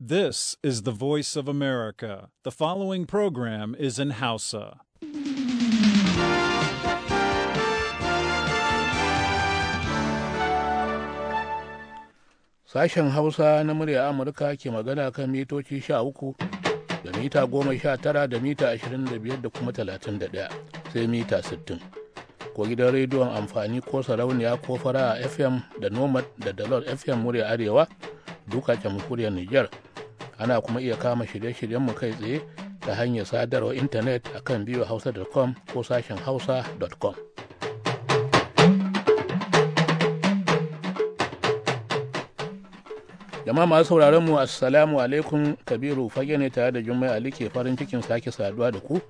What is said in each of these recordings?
This is the voice of America. The following program is in Hausa. Sashen Hausa na murya Amurka ke magana kan mitoci sha uku da mita goma sha tara da mita ashirin da biyar da kuma talatin da ɗaya sai mita sittin. Ko gidan rediyon amfani ko sarauniya ko fara FM da Nomad da Dalot FM murya Arewa duka jamhuriyar Nijar. ana kuma iya kama shirye-shiryenmu kai tsaye ta hanyar sadarwar intanet a kan biyu hausa.com ko sashen hausa.com. jama'a masu sauraron mu assalamu alaikum kabiru fage ne tare da jummai ali ke farin cikin sake saduwa da ku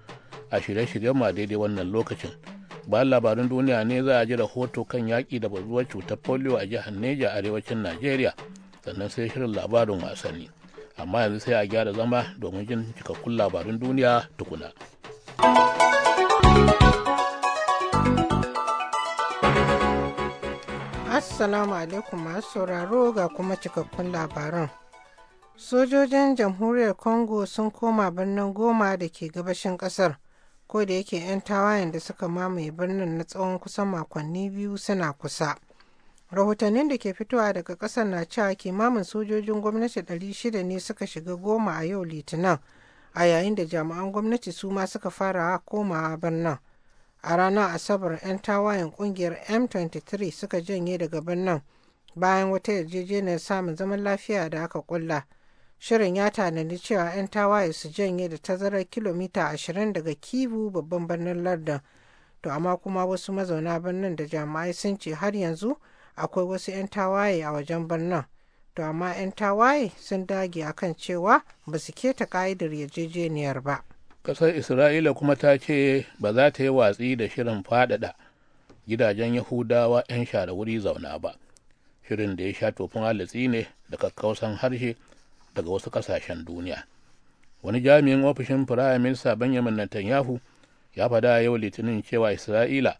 a shirye-shiryen mu a daidai wannan lokacin bayan labarin duniya ne za a ji rahoto kan yaƙi da bazuwar cutar polio a jihar neja arewacin najeriya sannan sai shirin labarin wasanni amma yanzu sai a gyara zama domin jin cikakkun labarun duniya tukuna. Assalamu alaikum masu sauraro ga kuma cikakkun labaran. Sojojin Jamhuriyar Congo sun koma birnin Goma da ke gabashin kasar, ko da yake 'yan tawayen da suka mamaye birnin na tsawon kusan makonni biyu suna kusa. rahotannin da ke fitowa daga kasar na cewa kimamin sojojin gwamnati 600 ne suka shiga goma a yau litinin a yayin da jami'an gwamnati su ma suka fara komawa birnin a ranar asabar 'yan tawayen kungiyar m23 suka janye daga birnin bayan wata yarjejeniyar samun zaman lafiya da aka kulla shirin ya tanadi cewa 'yan tawaye su janye da tazarar kilomita 20 daga kivu babban birnin lardin to amma kuma wasu mazauna birnin da jami'ai sun ce har yanzu akwai wasu 'yan tawaye a wajen birnin to amma 'yan tawaye sun dage a kan cewa ba su keta ka'idar yarjejeniyar ba ƙasar isra'ila kuma ta ce ba za ta yi watsi da shirin faɗaɗa gidajen yahudawa 'yan shara wuri zauna ba shirin da ya sha tofin halitsi ne da kakkausan harshe daga wasu ƙasashen duniya wani jami'in ofishin firayim minista benjamin netanyahu ya fada yau litinin cewa isra'ila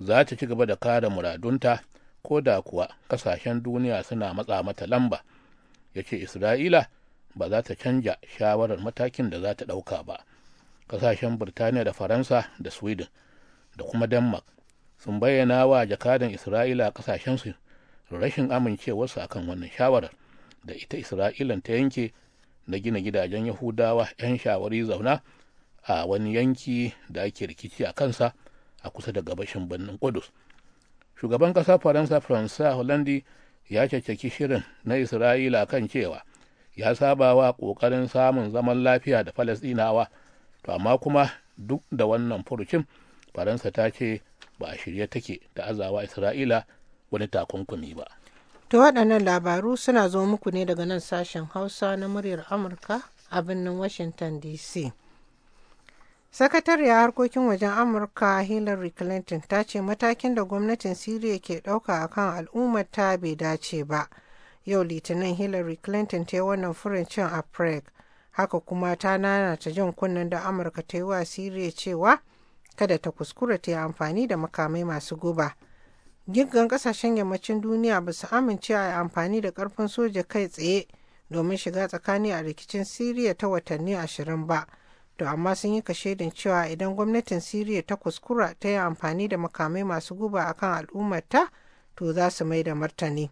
za ta ci gaba da kare muradunta ko da kuwa kasashen duniya suna matsa mata lamba ya ce isra'ila ba za ta canja shawarar matakin da za ta ɗauka ba kasashen birtaniya da faransa da sweden da kuma denmark sun bayyana wa jakadan isra'ila kasashensu rashin amincewarsu akan wannan shawarar da ita isra'ilan ta yanke na gina gidajen yahudawa 'yan shawari zauna a wani yanki da ake rikici a kansa a kusa da gabashin birnin kudus shugaban ƙasar faransa faransa hollandi ya caccaki shirin na isra'ila kan cewa ya saba wa ƙoƙarin samun zaman lafiya da falasɗinawa to amma kuma duk da wannan furucin faransa ta ce ba a shirye take da azawa isra'ila wani takunkumi ba to waɗannan labaru suna zo muku ne daga nan sashen hausa na muryar amurka a birnin washington dc Sakatariyar harkokin wajen Amurka Hillary Clinton ta ce matakin da gwamnatin Siriya ke dauka a kan al'ummar ta bai dace ba. Yau Litinin Hillary Clinton ta yi wannan furincin a Prague, haka kuma ta nana ta jin kunnen da Amurka ta yi wa Siriya cewa kada ta kuskura ta yi amfani da makamai masu guba. Giggan kasashen yammacin duniya ba su amince a yi amfani da karfin soja kai tsaye domin shiga tsakani a rikicin Siriya ta watanni ashirin ba. to amma sun yi kashedin cewa idan gwamnatin siriya ta kuskura ta yi amfani da makamai masu guba akan al'ummarta to za su mai da martani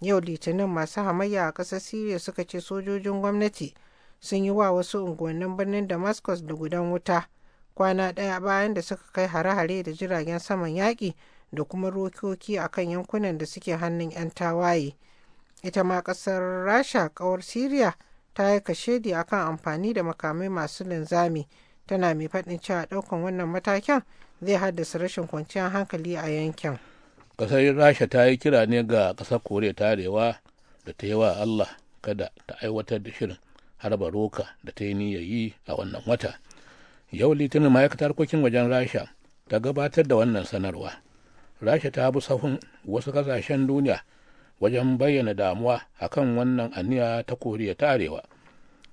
yau litinin masu hamayya a ƙasar siriya suka ce sojojin gwamnati sun yi wa wasu unguwannin birnin damascus da gudan wuta kwana ɗaya bayan da suka kai hare-hare da jiragen saman yaƙi da kuma rokoki a kan yankunan da suke hannun 'yan tawaye ita ma ƙasar rasha ƙawar siriya ta yi kashedi akan amfani da makamai masu linzami tana mai faɗin cewa ɗaukan wannan matakin zai haddasa rashin kwanciyar hankali a yankin. Ƙasar Rasha ta yi kira ne ga ƙasar Koriya ta Arewa da ta yi wa Allah kada ta aiwatar da shirin harba roka da ta yi niyyar yi a wannan wata. Yau Litinin ma'aikatar harkokin wajen Rasha ta gabatar da wannan sanarwa. Rasha ta bi sahun wasu ƙasashen duniya wajen bayyana damuwa akan wannan aniya ta Koriya ta Arewa.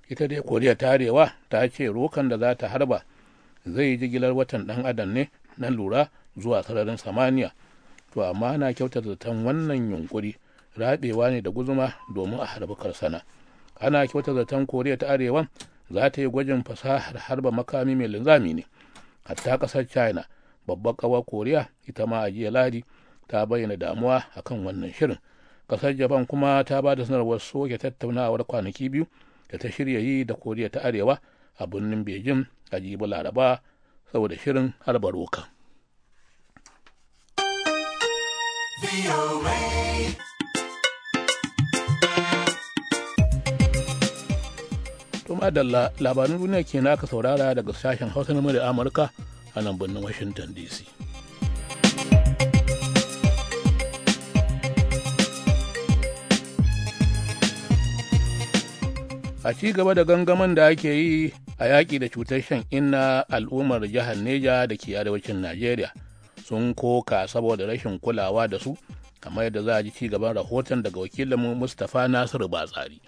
ita dai koriya ta arewa ta ce rokan da za ta harba zai yi jigilar watan dan adam ne na lura zuwa sararin samaniya to amma ana kyautata zaton wannan yunkuri rabewa ne da guzuma domin a harbi karsana ana kyautata zaton koriya ta arewa za ta yi gwajin fasahar harba makami mai linzami ne hatta kasar china babbar kawar koriya ita ma a jiya ladi ta bayyana damuwa akan wannan shirin kasar japan kuma ta ba da sanarwar soke tattaunawar kwanaki biyu da ta shirya yi da koriya ta arewa a birnin Bejin, a jibi laraba saboda shirin harba roka Tuma dalla labarin duniya ke naka saurara daga sashen hausa na amurka a nan birnin washington dc a ci gaba da gangamin da ake yi a yaƙi da cutar shan inna al'ummar jihar neja da ke arewacin najeriya sun koka saboda rashin kulawa da su kamar yadda za a ji ci gaban rahoton daga wakilinmu mustapha nasiru batsari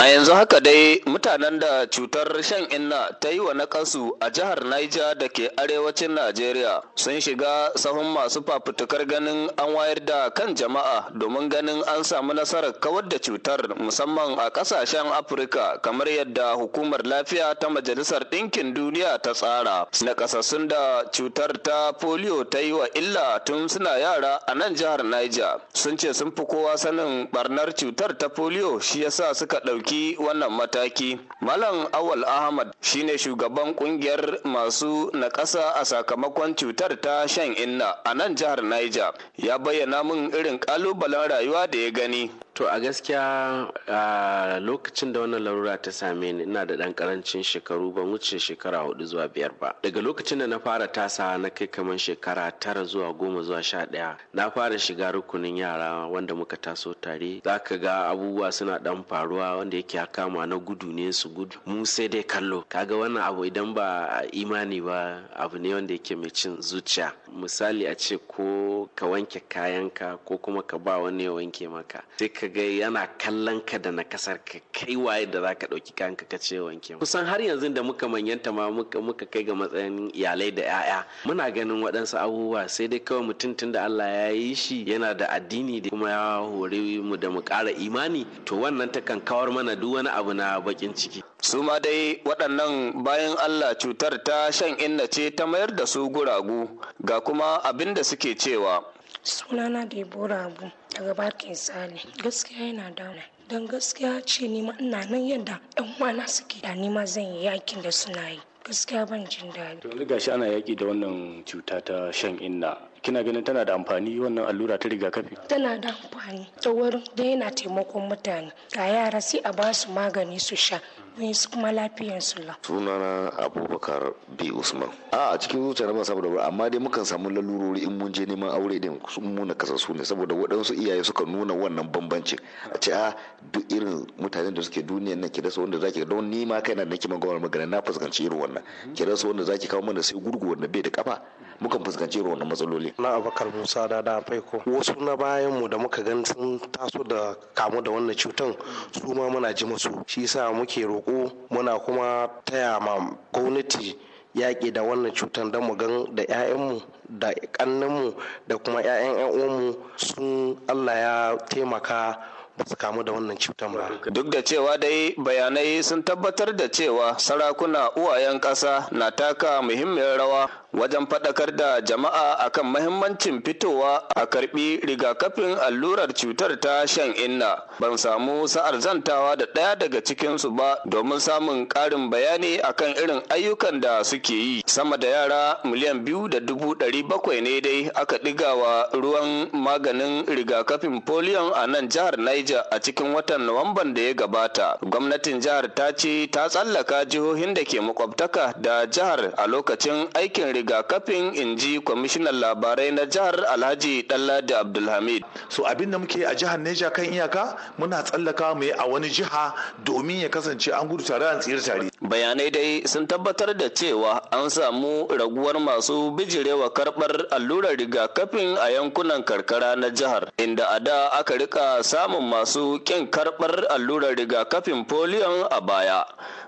A yanzu haka dai mutanen da cutar shan inna ta yi wa nakasu a jihar Niger da ke arewacin Najeriya sun shiga sahun masu fafutukar ganin an wayar da kan jama'a domin ganin an samu nasarar kawar da cutar musamman a kasashen Afirka kamar yadda hukumar lafiya ta Majalisar Ɗinkin Duniya ta tsara. kasassun da cutar ta polio ta yi wa illa tun suna yara a nan jihar Niger sun ce sun fi kowa sanin barnar cutar ta polio shi yasa suka ɗauki ɗauki wannan mataki. Malam Awal Ahmad shine shugaban ƙungiyar masu naƙasa a sakamakon cutar ta shan inna a nan jihar Niger ya bayyana min irin ƙalubalen rayuwa da ya gani. To a gaskiya a lokacin da wannan larura ta same ni ina da ɗan ƙarancin shekaru ban wuce shekara hudu zuwa biyar ba. Daga lokacin da na fara tasa na kai kamar shekara tara zuwa goma zuwa sha ɗaya na fara shiga rukunin yara wanda muka taso tare za ka ga abubuwa suna ɗan faruwa wanda yake ya kama na gudu ne su gudu mu sai dai kallo kaga wannan abu idan ba imani ba abu ne wanda yake mai cin zuciya misali a ce ko ka wanke kayanka ko kuma ka ba wani ya wanke maka ka ga yana kallon ka da na kasar ka kai waye da zaka dauki kanka ka ce wanke kusan har yanzu da muka manyanta ma muka muka kai ga matsayin iyalai da yaya muna ganin waɗansu abubuwa sai dai kawai mutum tun da Allah ya yi shi yana da addini da kuma ya hore mu da mu ƙara imani to wannan ta kan kawar mana duk wani abu na bakin ciki su ma dai waɗannan bayan Allah cutar ta shan inna ce ta mayar da su guragu ga kuma abin da suke cewa sunana da abu daga bakin sale gaskiya yana wani. don gaskiya ce nima ina nan yadda yan uwana suke da nima zan yi yakin da suna yi gaskiya ban jin daɗi. To ga shi, ana yaki da wannan cuta ta shan inna. Kina ganin tana da amfani wannan allura ta rigakafi? Tana da amfani ta wurin da yana taimakon mutane. Ga yara sai a ba su magani su sha. mai su kuma lafiyar sulla. sunana abubakar b usman a cikin zuciya na ban samu da amma dai mukan samu lalurori in mun je neman aure din sun muna kasassu ne saboda waɗansu iyaye suka nuna wannan bambancin a ce a ah, duk irin mutanen da suke duniyan nan ki rasa wanda zaki don ni ma kaina nake magana magana na fuskanci irin wannan kira su wanda zaki kawo mana sai gurgu wanda bai da kafa muka fuskanci irin wannan matsaloli. Na abakar Musa da da faiko wasu na bayan mu da muka gan sun taso da kamu da wannan cutan su ma muna ji musu shi yasa muke roƙo muna kuma taya ma gwamnati yaƙi da wannan cutar da mu gan da 'ya'yanmu da ƙannenmu da kuma 'ya'yan 'yan uwanmu sun Allah ya taimaka ba su kamu da wannan cutar ba. Duk da cewa dai bayanai sun tabbatar da cewa sarakuna uwayen ƙasa na taka muhimmiyar rawa wajen faɗakar da jama'a akan mahimmancin fitowa a karɓi rigakafin allurar cutar ta shan inna ban samu sa'ar zantawa da ɗaya daga cikinsu ba domin samun ƙarin bayani akan irin ayyukan da suke yi sama da yara miliyan biyu da dubu ɗari bakwai ne dai aka ɗigawa ruwan maganin rigakafin Poliyon a nan jihar niger a cikin watan nuwamban da ya gabata gwamnatin jihar ta ce ta tsallaka jihohin da ke makwabtaka da jihar a lokacin aikin rigakafin in ji kwamishinan labarai na jihar alhaji Ɗanladi abdulhamid so abin da muke a jihar neja kan iyaka muna tsallaka mu a wani jiha domin ya kasance an gudu tare an tsira tare bayanai dai sun tabbatar da cewa an samu raguwar masu bijirewa karbar allurar rigakafin a yankunan karkara na jihar inda a da aka rika samun masu kin karbar allurar rigakafin polion a baya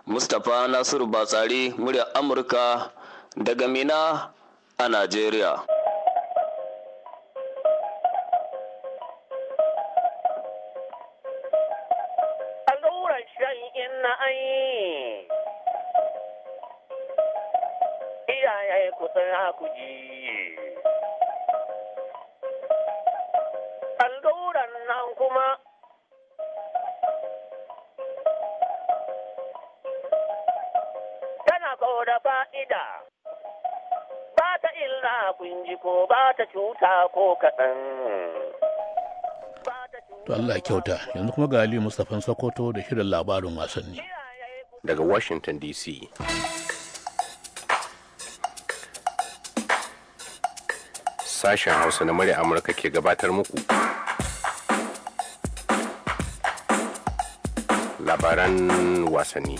mustapha nasiru batsari murya amurka daga Mina a Najeriya. Iyaye ku tsaya ku ji. Alluran nan kuma tana da fa'ida. illa kun ji ko ba ta cuta ko kaɗan. To Allah kyauta yanzu kuma ga Ali Mustapha Sokoto da shirin labarin wasanni. Daga Washington DC. Sashen Hausa na murya Amurka ke gabatar muku. Labaran wasanni.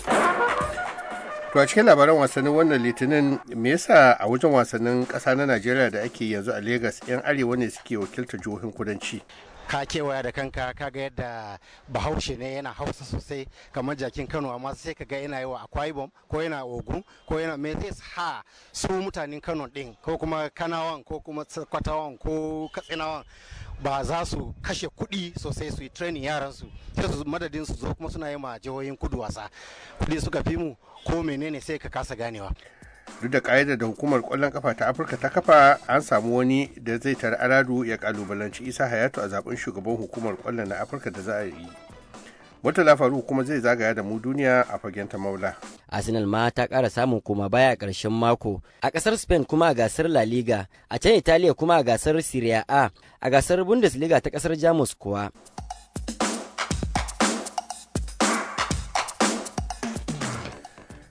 To a cikin labaran wasannin wannan litinin me yasa a wajen wasannin kasa na Najeriya da ake yanzu a Legas 'yan arewa ne suke wakiltar jihohin kudanci? ka kewaya da kanka ka ga yadda bahaushe ne yana hausa sosai kamar jakin kano amma sai ka ga yana yawa wa akwai bom ko yana ogun ko yana metis ha su mutanen kano din ko kuma kanawan ko kuma kwatawan ko katsinawan ba za su kashe kuɗi sosai su yi training yaran su sai su madadin su zo kuma suna yi ma jihohin kudu wasa kuɗi suka fi mu ko menene sai ka kasa ganewa duk da ƙa'idar da hukumar ƙwallon kafa ta afirka ta kafa an samu wani da zai tara aradu ya kalubalanci isa hayatu a zaben shugaban hukumar kwallon na afirka da za a yi wata lafaru kuma zai zagaya da mu duniya a fagen ta maula. Arsenal ma ta kara samun koma baya a ƙarshen mako. A ƙasar Spain kuma a gasar La Liga, a can Italiya kuma a gasar Serie A, a gasar Bundesliga ta ƙasar Jamus kuwa.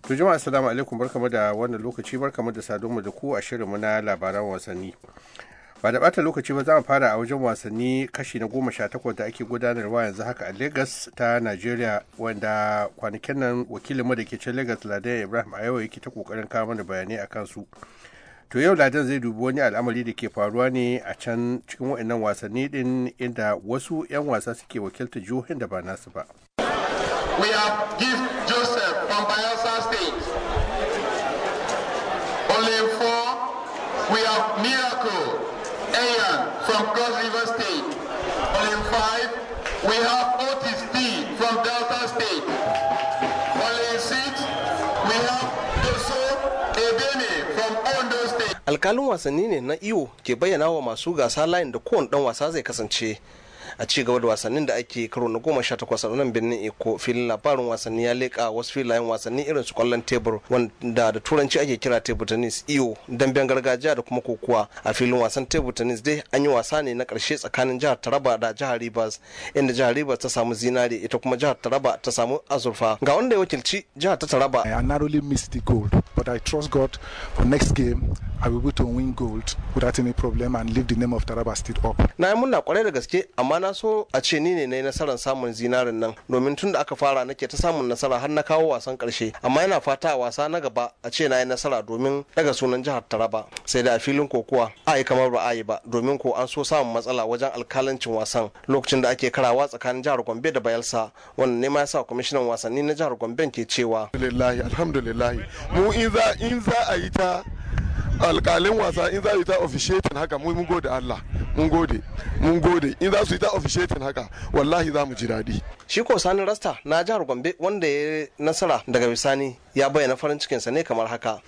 To jama'a assalamu alaikum barkamu da wannan lokaci barkamu da sadonmu da ku a shirinmu na labaran wasanni. ba da bata lokaci ba za mu fara a wajen wasanni kashi na goma sha takwas da ake gudanarwa yanzu haka a lagos ta nigeria wanda kwanakin nan wakilin da ke can lagos ladan ibrahim a yau yake ta kokarin kawo mana bayanai a kansu to yau ladan zai dubi wani al'amari da ke faruwa ne a can cikin wa'annan wasanni din inda wasu 'yan wasa suke wakilta jihohin da ba nasu ba we have give joseph from bayelsa state only four we have miracle from Cross River State. And in five, we have Otis D from Delta State. On six, we have Doso Ebene from Ondo State. Alkalin wasanni ne na Iwo ke bayyana wa masu gasa layin da kowane ɗan wasa zai kasance. a ci gaba da wasannin da ake karo na goma sha takwas a nan birnin eko filin labarin wasanni ya leƙa wasu filayen wasanni irin su kwallon tebur wanda da turanci ake kira tebur tennis iyo damben gargajiya da kuma kokuwa a filin wasan tebur tennis dai an yi wasa ne na karshe tsakanin jihar taraba da jihar rivers inda jihar rivers ta samu zinari ita kuma jihar taraba ta samu azurfa ga wanda ya wakilci jihar ta taraba i narrowly missed the gold but i trust god for next game i will be to win gold without any problem and leave the name of taraba state up na yi muna kwarai da gaske amma na so a ce ni ne na yi nasarar samun zinarin nan domin tun da aka fara nake ta samun nasara har na kawo wasan karshe amma yana fata a wasa na gaba a ce na yi nasara domin daga sunan jihar taraba sai da a filin kokuwa a yi kamar ba a yi ba domin ko an so samun matsala wajen alkalancin wasan lokacin da ake karawa tsakanin jihar gombe da bayelsa wannan ne ma ya sa kwamishinan wasanni na jihar gombe ke cewa alhamdulillah alhamdulillah mu in za a yi ta Alƙalin wasa in za su yi ta officiating haka mun gode Allah mun gode mun gode in za su yi ta officiating haka wallahi za mu ji daɗi shi ko sani rasta na jihar gombe wanda ya nasara daga bisani ya bayyana farin cikinsa ne kamar haka.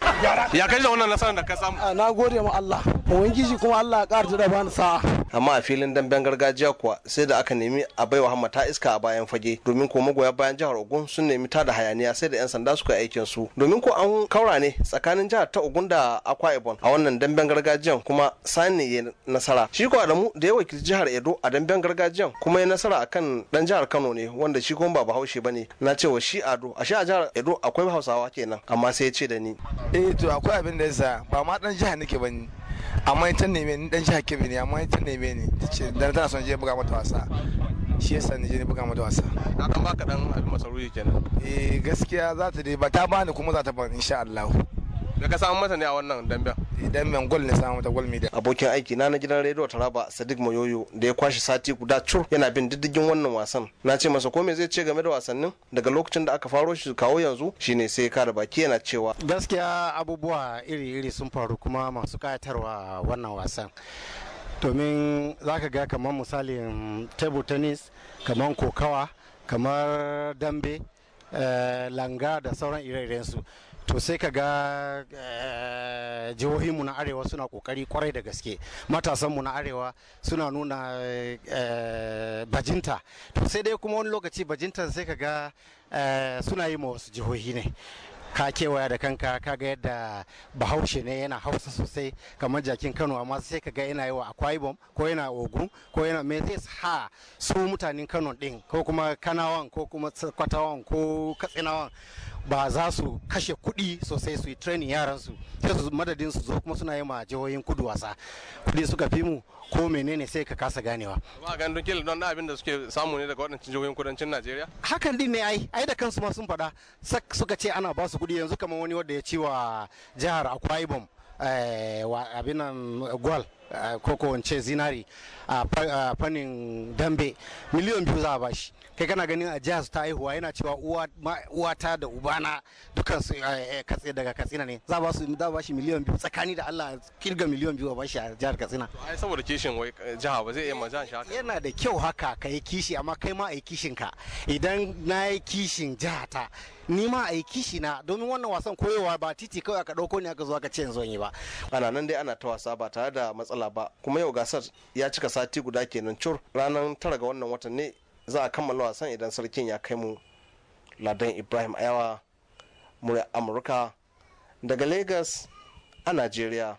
Ya kai da wannan nasarar da ka samu. Na gode ma Allah, Ubangiji kuma Allah ya ƙara da bani sa'a. Amma a filin damben gargajiya kuwa sai da aka nemi a baiwa Hamma ta iska a bayan fage domin ko magoya bayan jihar Ogun sun nemi ta da hayaniya sai da 'yan sanda suka yi aikin su. Domin ko an kaura ne tsakanin jihar ta Ogun da Akwa Ibom a wannan damben gargajiyan kuma Sani ya nasara. Shi ko Adamu da ya wakilci jihar Edo a damben gargajiyan kuma ya nasara akan dan jihar Kano ne wanda shi kuma ba Bahaushe bane. Na cewa shi Ado, a shi a jihar Edo akwai hausa adamawa kenan amma sai ya ce da ni eh to akwai abin da yasa ba ma dan jiha nake bane amma ita neme ni dan jiha kebe ne amma ita neme ni tace dan tana son je buga mata wasa shi yasa ni je buga mata wasa Na dan baka dan almasaruri kenan eh gaskiya za ta dai ba ta bani kuma za ta bani insha Allah da ka samu mata ne a wannan damben idan eh, gwal gol ne samu ta gol media abokin aiki na na gidan rediyo taraba sadiq mayoyo da ya kwashi sati guda cur yana bin diddigin wannan wasan na ce masa ko me zai ce game da wasannin daga lokacin da aka faro shi kawo yanzu shine sai kare baki yana cewa gaskiya abubuwa iri-iri sun faru kuma masu kayatarwa wannan wasan domin za ka ga kamar misalin mm, table tennis kamar kokawa kamar dambe eh, langa da sauran ire-irensu to sai ka ga eh, jihohinmu na arewa suna kokari kwarai da gaske matasanmu na arewa suna nuna eh, bajinta to sai dai kuma wani lokaci bajinta sai ka ga eh, suna yi ma wasu jihohi ne ka kewaya da kanka ka ga yadda bahaushe ne yana hausa sosai kamar jakin kano amma sai ka ga yana yi wa akwaibom ko yana ogun ko yana me ha su mutanen kano din ko kuma kanawan ko kuma kwatawan ko katsinawan ba za su kashe kuɗi sosai su yi training yaran su sai su madadin su zo kuma suna yi ma jihohin kudu wasa kuɗi suka fi mu ko menene sai ka kasa ganewa ba ga don kila don abin da suke samu ne daga waɗancan jihohin kudancin Najeriya hakan din ne ai ai da kansu ma sun faɗa suka ce ana ba su kuɗi yanzu kamar wani wanda ya ci wa jihar Akwa Ibom eh, abin nan gwal Eh, ko ko wance zinari a fannin dambe miliyon biyu za a bashi kai kana ganin a jihar ta haihuwa yana cewa uwata da ubana dukkan su eh, eh, katse daga katsina ne za a bashi ba shi miliyon biyu tsakani da Allah kirga miliyon biyu a bashi a jihar katsina ai saboda kishin wai jiha ba zai iya ma shi haka yana da kyau haka ka yi kishi amma kai ma a yi kishin ka idan na yi kishin jihata ni ma a yi kishi na domin wannan wasan koyewa ba titi kawai aka ɗauko ne aka zo aka ce yanzu yi ba ana nan dai ana ta wasa ba tare da matsala ba kuma yau gasar ya cika sati guda kenan cur ranar tara ga wannan watan ne za a kammala wasan idan sarkin ya kai mu ladan ibrahim ayawa murya amurka daga lagos a najeriya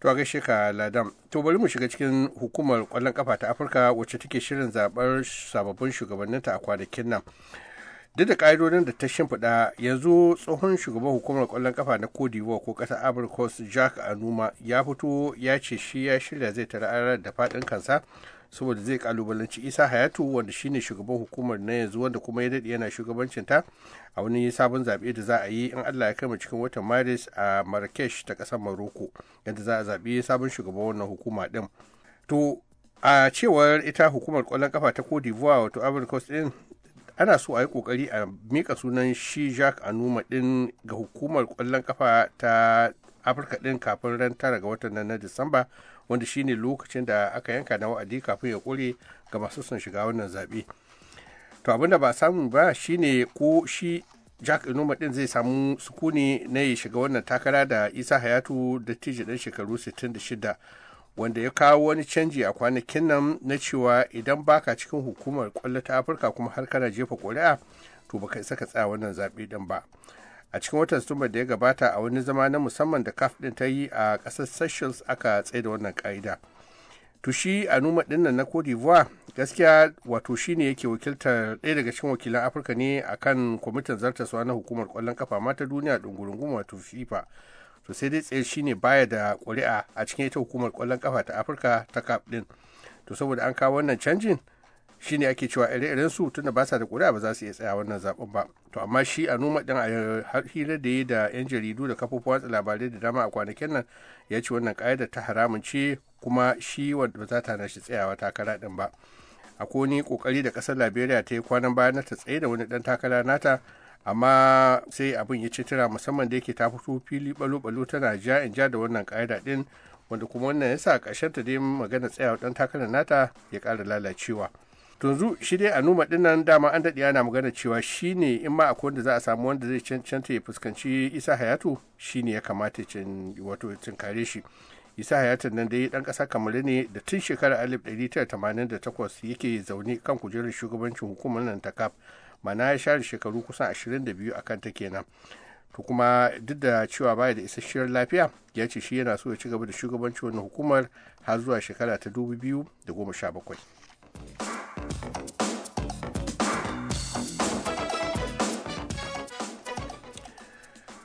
to a gaishe ka ladam to bari mu shiga cikin hukumar kwallon kafa ta afirka wacce take shirin zabar sababbin shugabanninta a kwanakin nan duk da ƙa'idodin da ta shimfiɗa yanzu tsohon shugaban hukumar kwallon kafa na kodiwa ko ƙasar abrikos jack anuma ya fito ya ce shi ya shirya zai tara da faɗin kansa saboda zai kalubalanci isa hayatu wanda shine shugaban hukumar na yanzu wanda kuma ya daɗe yana shugabancin ta a wani sabon zaɓe da za a yi in allah ya kai cikin watan maris a marrakesh ta ƙasar maroko yadda za a zaɓi sabon shugaban wannan hukuma ɗin to a cewar ita hukumar kwallon kafa ta cote d'ivoire wato ivory coast ɗin ana so a yi kokari a mika sunan shi jacques anuma din ga hukumar kwallon kafa ta afirka din kafin ran tara ga watan nan na disamba wanda shine lokacin da aka yanka na wa'adi kafin ya kure ga masu son shiga wannan zaɓe to abinda ba samu ba shine ko shi jack inuma din zai samu sukuni na ya shiga wannan takara da isa hayatu da tiji dan shekaru 66 wanda ya kawo wani canji a kwanakin nan na cewa idan baka cikin hukumar kwallo ta afirka kuma har kana jefa kuri'a to baka isa ka tsaya wannan zaɓe ɗin ba a cikin watan satumba da ya gabata a wani zama na musamman da kaf ɗin ta yi a ƙasar seychelles aka da wannan ƙa'ida tushi a numa ɗinnan na cote d'ivoire gaskiya wato shi ne yake wakiltar ɗaya daga cikin wakilan afirka ne akan kwamitin zartaswa na hukumar ƙwallon kafa mata duniya ɗungurungun wato fifa to sai dai tsaye shine baya da ƙuri'a a cikin ita hukumar ƙwallon kafa ta afirka ta kaf ɗin to saboda an kawo wannan canjin shine ake cewa ire-iren su tunda ba sa da ƙuri'a ba za su iya tsaya wannan zaben ba to amma shi a numa din a hira da yi da yan jaridu da kafofin watsa labarai da dama a kwanakin nan ya ce wannan ƙa'ida ta haramun ce kuma shi wanda ba za ta nashi tsayawa takara din ba akwai ni kokari da kasar liberia ta yi kwanan baya na ta tsaye da wani dan takara nata amma sai abin ya ci tira musamman da yake ta fito fili balo-balo tana ja in ja da wannan ƙa'ida din wanda kuma wannan yasa kashar ta dai magana tsayawa dan takarar nata ya ƙara lalacewa tunzu shi dai a numa dinnan dama an daɗe ana magana cewa shi ne in ma akwai wanda za a samu wanda zai cancanta ya fuskanci isa hayatu shi ne ya kamata cin wato kare shi isa hayatu nan dai dan ƙasa kamar ne da tun shekarar 1988 yake zaune kan kujerar shugabancin hukumar nan ta kaf mana ya share shekaru kusan 22 a kan ta kenan to kuma duk da cewa baya da isasshiyar lafiya ya ce shi yana so ya ci gaba da shugabancin wannan hukumar har zuwa shekara ta 2017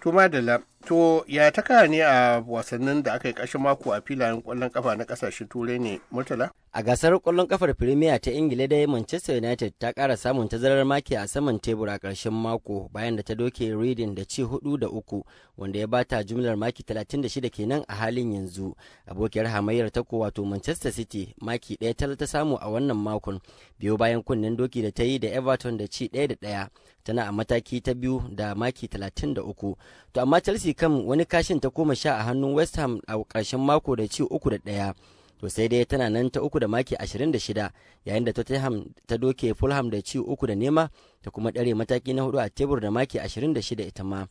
To madalla, to ya taka ne a wasannin da aka yi ƙashin mako a filayen ƙwallon ƙafa na ƙasashen turai ne, Murtala? A gasar ƙwallon kafar Firimiya ta Ingila dai Manchester United ta ƙara samun tazarar maki a saman tebur a ƙarshen mako bayan da ta doke Reading da ci hudu da uku wanda ya bata jumlar maki 36 kenan a halin yanzu. Abokiyar hamayyar ta ko wato Manchester City maki ɗaya tal ta samu a wannan makon biyo bayan kunnen doki da ta yi da Everton da ci ɗaya da ɗaya tana a mataki ta biyu da maki 33. To amma Chelsea kan wani kashin ta koma sha a hannun West Ham a ƙarshen mako da ci uku da ɗaya. to sai dai tana nan ta uku da maki 26 yayin da Tottenham ta doke Fulham da ci uku da nema ta kuma dare mataki na hudu a tebur da maki 26 ita ma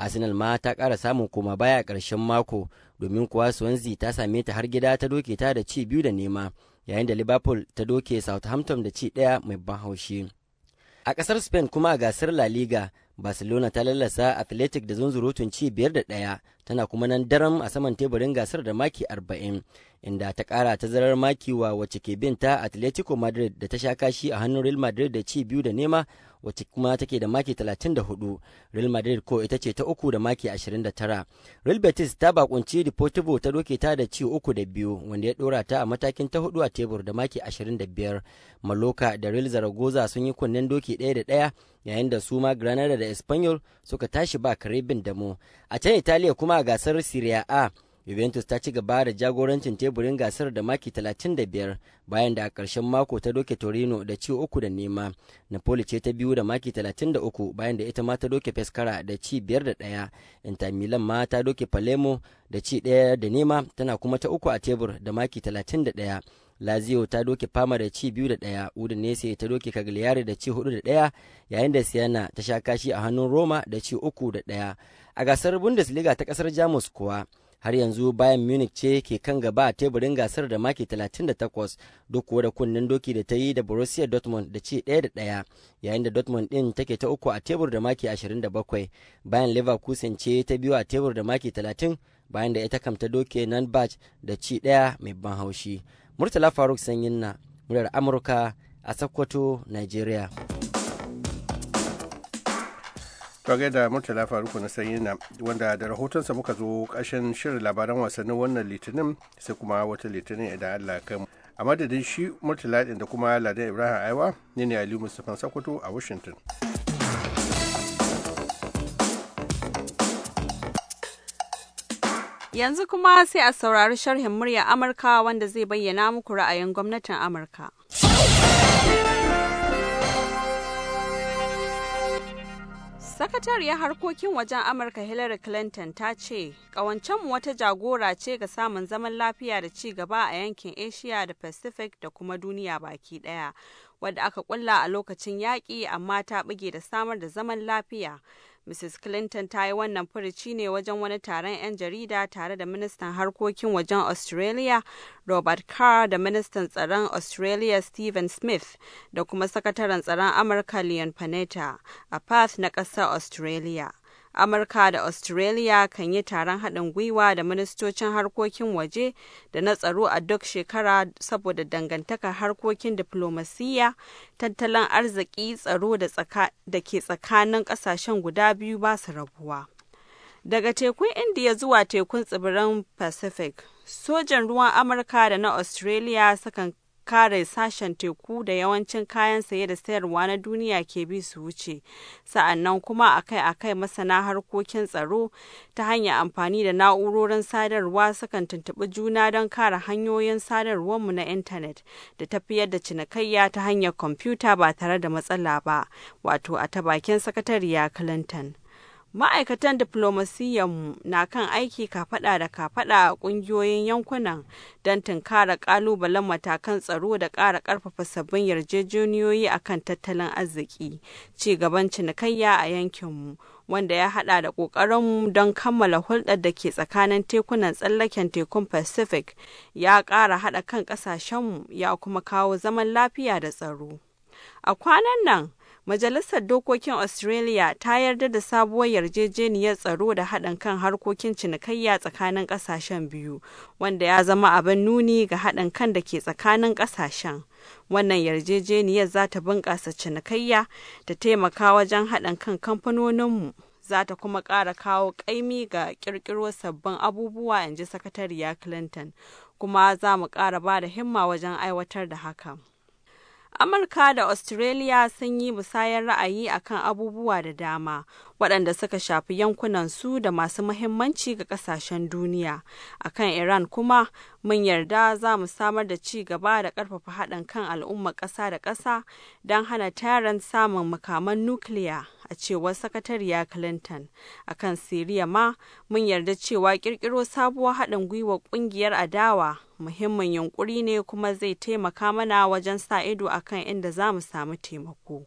Arsenal ma ta kara samun koma baya karshen mako domin kuwa Swansea ta same ta har gida ta doke ta da ci biyu da nema yayin da Liverpool ta doke Southampton da ci daya mai ban haushi. A ƙasar Spain kuma a gasar La Liga, Barcelona ta lallasa Athletic da zunzurutun ci biyar da ɗaya tana kuma nan daram a saman teburin gasar da maki 40 inda ta kara tazarar maki wa wacce ke bin ta atletico madrid da ta sha kashi a hannun real madrid da ci biyu da nema wacce kuma take da maki 34 real madrid ko ita ce ta uku da maki 29 real betis ta bakunci deportivo ta doke ta da ci uku da biyu wanda ya dora ta a matakin ta hudu a tebur da maki 25 maloka da real zaragoza sun yi kunnen doki daya da daya yayin da su ma granada da espanyol suka tashi ba karibin da damo a can italiya kuma a gasar siriya a Juventus ta ci gaba da jagorancin teburin gasar da maki 35 bayan da a karshen mako ta doke Torino da ci uku da nema. Napoli ce ta biyu da maki 33 bayan da ita ma ta doke Pescara da ci biyar da ɗaya. Inter Milan ma ta doke Palermo da ci ɗaya da nema tana kuma ta uku a tebur da maki 31. Lazio ta doke Fama da ci biyu da ɗaya, Udinese ta doke Cagliari da ci hudu da ɗaya, yayin da Siena ta sha kashi a hannun Roma da ci uku da ɗaya. a gasar bundesliga ta kasar jamus kuwa har yanzu bayan munich ce ke kan gaba a teburin gasar da maki 38 duk kuwa da kunnen doki da ta yi da borussia dortmund da ci 1 da 1 yayin da dortmund din take ta uku a tebur da maki 27 bayan leverkusen ce ta biyu a tebur da maki 30 bayan da ita kamta doke nan da ci 1 mai ban haushi murtala faruk sanyin na muryar amurka a sokoto nigeria Kage da Murtala Faruku na Sanyina wanda da rahotonsa muka zo ƙashin shirin labaran wasannin wannan litinin sai kuma wata litinin idan Allah kan a madadin shi Murtala ɗin da kuma Ladan Ibrahim Aiwa ne ne Aliyu Mustapha Sokoto a Washington. Yanzu kuma sai a saurari sharhin murya Amurka wanda zai bayyana muku ra'ayin gwamnatin Amurka. Sakatariyar harkokin wajen Amurka Hillary Clinton ta ce, "Ƙawancenmu wata jagora ce ga samun zaman lafiya da ci gaba a yankin Asia da Pacific da kuma duniya baki ɗaya, wadda aka kulla a lokacin yaƙi amma ta buge da samar da zaman lafiya." Mrs. Clinton ta yi wannan furuci ne wajen wani taron 'yan jarida tare da ministan harkokin wajen Australia Robert Carr da ministan tsaron Australia Stephen Smith da kuma sakataren tsaron Amurka Leon Panetta a Perth na ƙasar Australia. Amurka da Australia kan yi taron haɗin gwiwa da ministocin harkokin waje da na tsaro a duk shekara saboda dangantakar harkokin diflomasiyya, tattalin arziki, tsaro da ke tsakanin ƙasashen guda biyu ba su rabuwa. Daga tekun Indiya zuwa tekun tsibirin Pacific, sojan ruwan Amurka da na Australia sukan kare sashen teku da yawancin kayan saye da sayarwa na duniya ke bi su wuce sa'annan kuma akai-akai masana harkokin tsaro ta hanyar amfani da na'urorin sadarwa sukan tuntuɓi juna don kare hanyoyin sadarwarmu na intanet da tafiyar da cinikayya ta hanyar kwamfuta ba tare da matsala ba wato a ta bakin sakatariya clinton Ma'aikatan mu na kan aiki kafada da kafada a ƙungiyoyin yankunan don tunkara ƙalubalen matakan tsaro da ƙara ƙarfafa sabbin yarjejeniyoyi a kan tattalin arziki, ci gaban cinikayya a yankinmu, wanda ya haɗa da ƙoƙarinmu don kammala hulɗar da ke tsakanin tekunan tsallaken tekun Pacific, ya ƙara haɗa kan ƙasashenmu ya kuma kawo zaman lafiya da tsaro. A kwanan nan, Majalisar Dokokin Australia ta yarda da sabuwar yarjejeniyar tsaro da haɗin kan harkokin cinikayya tsakanin ƙasashen biyu, wanda ya zama abin nuni ga haɗin kan da ke tsakanin ƙasashen. Wannan yarjejeniyar za ta bunƙasa cinikayya da taimaka wajen haɗin kan kamfanoninmu, za ta kuma ƙara kawo ƙaimi ga ƙirƙiro sabbin abubuwa, in ji Sakatariya Clinton, kuma za mu ƙara ba da himma wajen aiwatar da hakan. Amurka da Australia sun yi musayar ra'ayi akan abubuwa da dama waɗanda suka shafi yankunan su da masu mahimmanci ga ƙasashen duniya. A kan Iran kuma mun yarda za mu samar da ci gaba da ƙarfafa haɗin kan al'ummar ƙasa da ƙasa don hana tarin samun makaman nukiliya. a cewar sakatariya clinton a kan siriya ma mun yarda cewa ƙirƙiro sabuwar haɗin gwiwar ƙungiyar adawa muhimmin yunkuri ne kuma zai taimaka mana wajen sa ido akan inda za mu samu taimako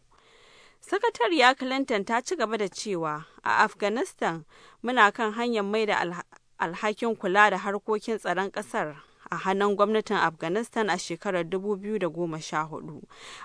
sakatariya clinton ta ci gaba da cewa a afghanistan muna kan hanyar mai da alhakin kula da harkokin tsaron kasar a hannun gwamnatin afghanistan a shekarar 2014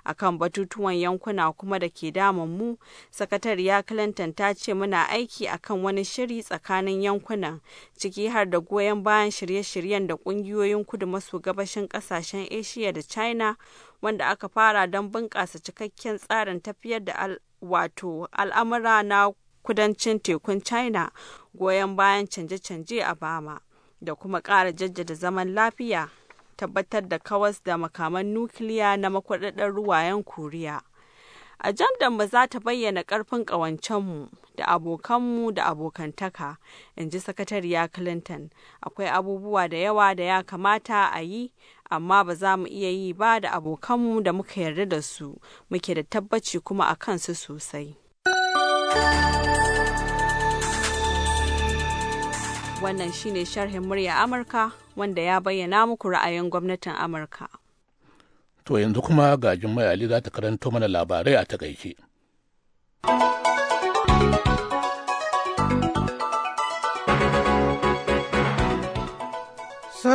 akan batutuwan yankuna kuma da ke daman mu sakatariya clinton ta ce muna aiki a kan wani shiri tsakanin yankunan ciki har da goyon bayan shirye-shiryen da kungiyoyin kudu maso gabashin kasashen asia da china wanda aka fara don bunƙasa cikakken tsarin tafiyar da wato al'amura na kudancin tekun China goyon bayan canje-canje a Bama da kuma ƙara jaddada zaman lafiya tabbatar da kawas da makaman nukiliya na makwadadar ruwayen Koriya. Ajandar ba za ta bayyana ƙarfin ƙawancenmu da abokanmu da abokantaka, in ji Sakatariya Clinton. Akwai abubuwa da yawa da ya kamata a yi amma ba za mu iya yi ba da abokanmu da muka yarda da su muke da tabbaci kuma a kansu sosai. Wannan shi ne sharhin murya Amurka wanda ya bayyana muku ra'ayin gwamnatin Amurka. To yanzu kuma gajin Jummai Ali za ta karanto mana labarai a takaice.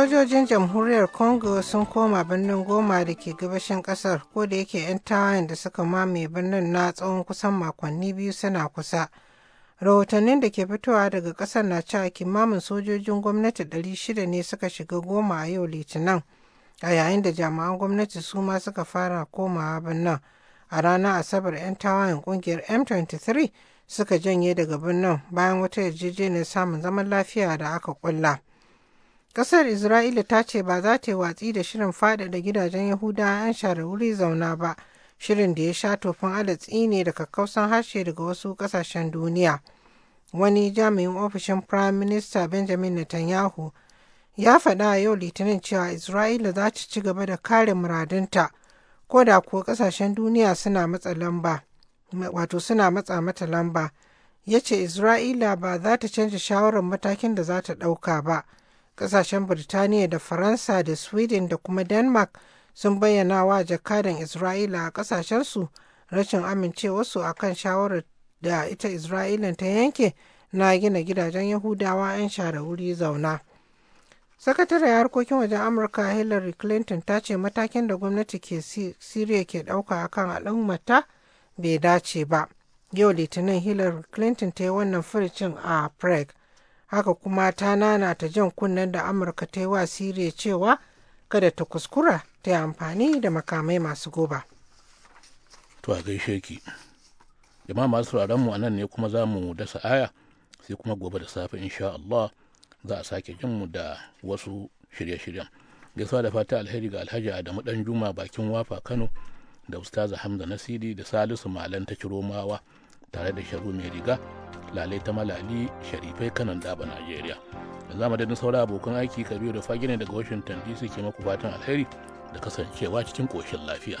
Sojojin Jamhuriyar Congo sun koma birnin Goma da ke gabashin kasar ko da yake 'yan tawayen da suka mame birnin na tsawon kusan makonni biyu suna kusa. Rahotannin da ke fitowa daga kasar na cewa kimamin sojojin gwamnati 600 ne suka shiga Goma a yau Litinin, a yayin da jami'an gwamnati su ma suka fara komawa birnin. A ranar Asabar 'yan tawayen kungiyar M23 suka janye daga birnin bayan wata yarjejeniyar samun zaman lafiya da aka kulla. Ƙasar Isra'ila ta ce ba za ta yi watsi da shirin faɗaɗa gidajen yahuda 'yan share wuri zauna ba, shirin da ya sha tofin alatsi ne da kakkausan harshe daga wasu ƙasashen duniya. Wani jami'in ofishin Prime Minister Benjamin Netanyahu ya faɗa yau Litinin cewa Isra'ila za ta ci gaba da kare muradinta ko da kuwa ƙasashen duniya suna matsa lamba, wato suna matsa mata lamba. Ya ce Isra'ila ba za ta canza shawarar matakin da za ta ɗauka ba. Ƙasashen Birtaniya da Faransa da Sweden da kuma Denmark sun bayyana wa jakadan Isra'ila a ƙasashensu rashin amincewarsu a kan shawarar da ita Isra'ilan ta yanke na gina gidajen Yahudawa 'yan share wuri zauna. Sakatare harkokin wajen Amurka Hillary Clinton ta ce matakin da gwamnati ke Siriya ke ɗauka kan al'ummata bai dace ba. Yau Litinin Hillary Clinton ta yi wannan furicin a Prague. haka kuma ta nanata jan kunnen da amurka ta yi wa siriya cewa kada ta kuskura ta yi amfani da makamai masu goba. to a gaishe ki jama'a masu sauraron mu nan ne kuma za mu dasa aya sai kuma gobe da safe insha Allah za a sake jin mu da wasu shirye-shiryen gaisuwa da fata alheri ga alhaji adamu dan juma bakin wafa kano da ustaza hamza nasiri da salisu malan ta ciro mawa tare da sharu mai riga lalai ta malali sharifai kanan daba najeriya da zama da sauran abokan aiki kabiru da fagina daga washington dc ke maku fatan alheri da kasancewa cikin koshin lafiya.